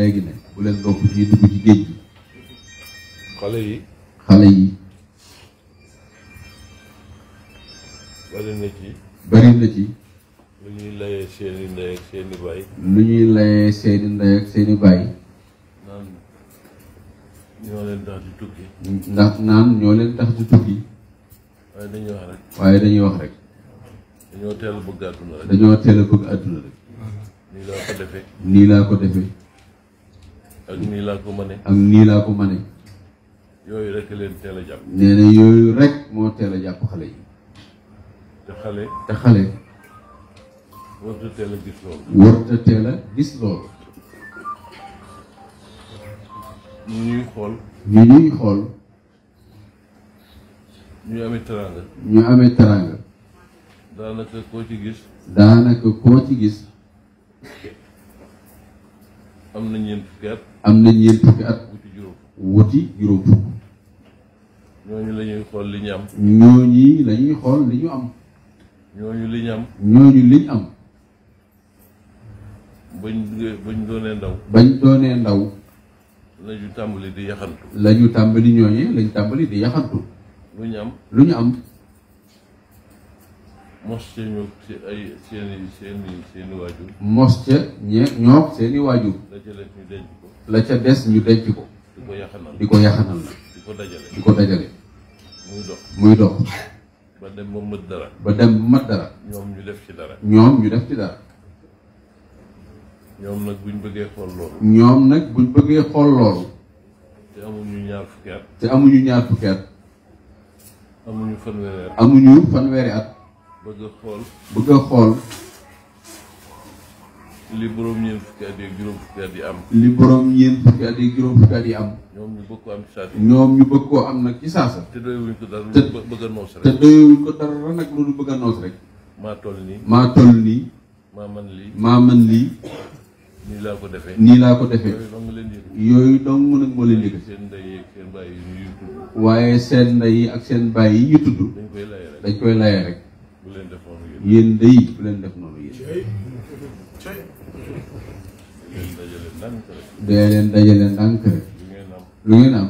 léegi ne bu leen nopp ñuy dugg yi xale yi bari na lu ñuy layee seeni ndey ak seeni baay lu naan ñoo leen tax di tukki waaye dañuy wax rek waaye dañuy wax rek dañoo teel bëgg àdduna rek dañoo teel a bëgg nii laa ko defee ak nii laa ko mëne ak nii laa ko mëne yooyu rekk leen teel jàpp nee yooyu rek moo teel a jàpp xale yi te xale te xale warta teel gis loolu warta teel ñuy xool ñu ñuy xool ñu amee teraanga ñu amee teraanga daanaka koo ci gis daanaka koo ci gis am na ñeent fukki at. am na ñeent fukki at. wuti juróom wuti juróom fukk. ñooñu la xool li ñu am. ñooñu la li ñu am. ñooñu li ñu am. ñooñu li am. bañ bañ doonee ndaw. bañ doonee ndaw. la ñu tàmbali di yaxantu. la tàmbali ñooñee la ñu tàmbali di yaxantu. lu ñu am lu ñu am. mos ca ñoom ay seeni seeni seeni waajur. mos ca ñe seeni waajur. la ca des ñu denc ko. la ca des ñu denc ko. di ko yaxanal di ko yaxanal di ko dajale di ko dajale. muy dox muy ba dem ba mët dara. ba dem ba mët dara. ñoom ñu def ci dara. ñoom ñu def ci dara. ñoom nag buñ bëggee xool loolu. nag buñ bëggee xool te amuñu ñaar fukki at. te amuñu ñaar fukki amuñu fanweeri at. amuñu fanweeri at. bëgg a xool bëgg a xool li borom am li borom yi juróom yi am ñoom ñu ñu bëgg am nag ci te doyewuñ ko dara bëgg a rek te doyewuñ ko dara nag loolu bëgg a noos rek maa toll nii maa man lii maa nii laa ko defee nii laa ko defee yooyu dong nag moo leen yëgal seen ndey seen bàyyi waaye seen ndey ak seen bàyyi yi tudd dañ koy dañ koy laye rek yéen day bu leen def noonu yéen dee leen dajale ndànk rek lu ngeen am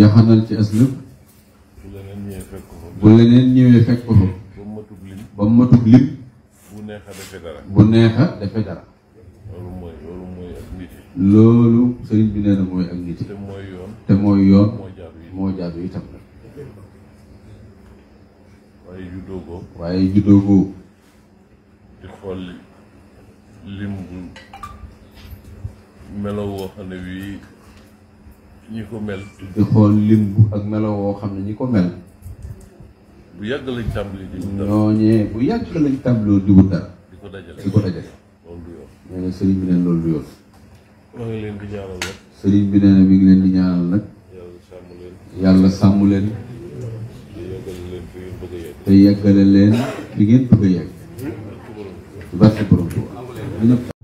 yaxanal ci aslëb bu leneen ñëwee fekk ko fa ba mu lim bu neexa defe dara bu neexa defe loolu sëriñ bi nee na mooy ak nit te mooy yoon moo jaadu itam waaye juddoo ko. waaye juddoo ko. di woo xam ne bii ñi ko mel. di xool lim ak melaw woo xam ne ñi ko mel. bu yàgg lañ tàmbali di wut dara bu yàgg lañ tàmbaloo di dara. di ko dajale di ko dajale. loolu du yoon. nee na sëriñ bi neen loolu yoon. maa ngi leen bi nee leen di nag. yàlla sàmm leen. te yeggale leen li ngeen bëgg a yegg barke borom Tuuba